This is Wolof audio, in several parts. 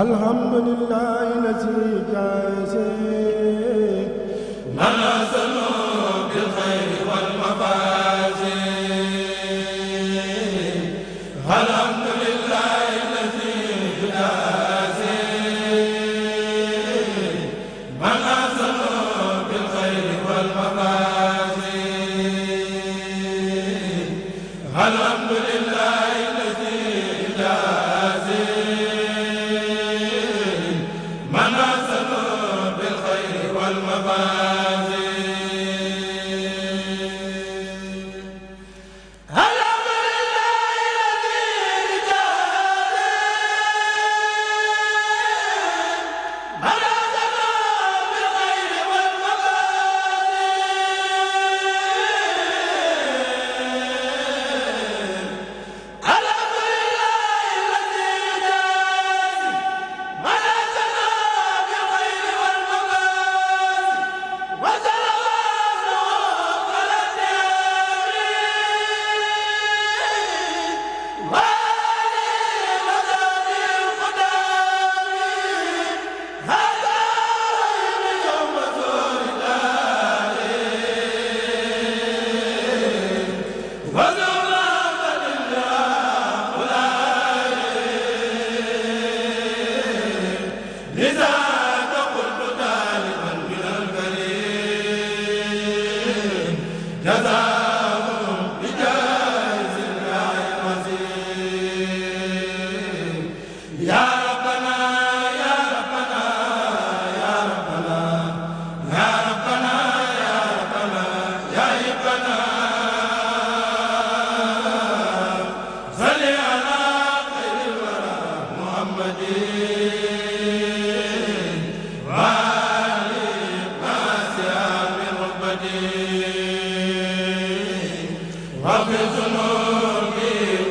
alhamdulillah lazi jaase manasalu bil xayri wal mafaasi alhamdulillah lazi jaase manasalu bil xayri wal mafaasi المباد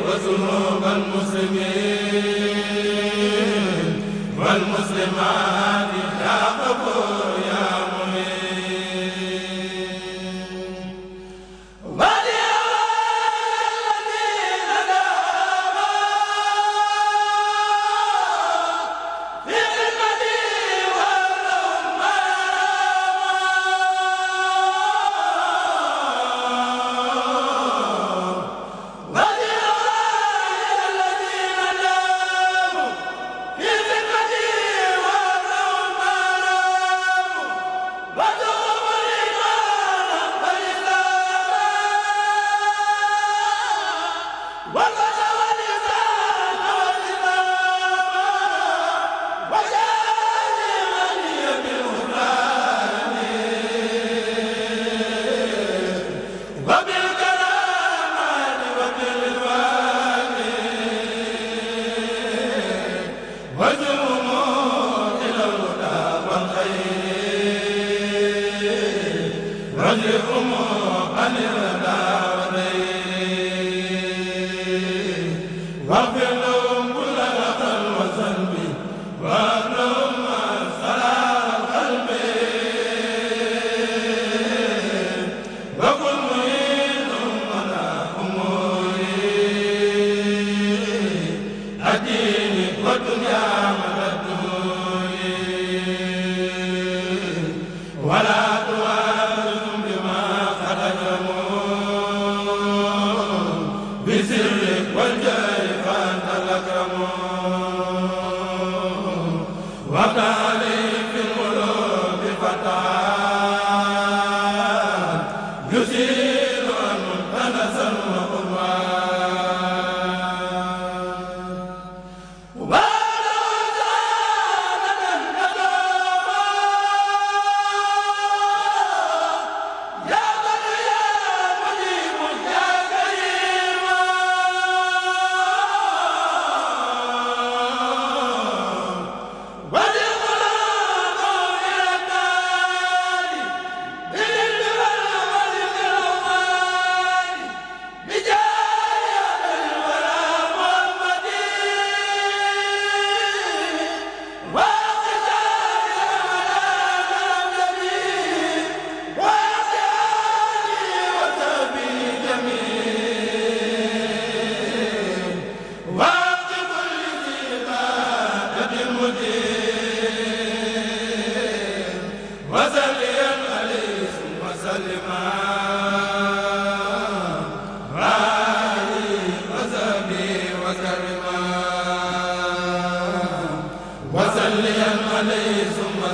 والمسلمين والمسلمات يا قبور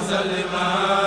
وسلم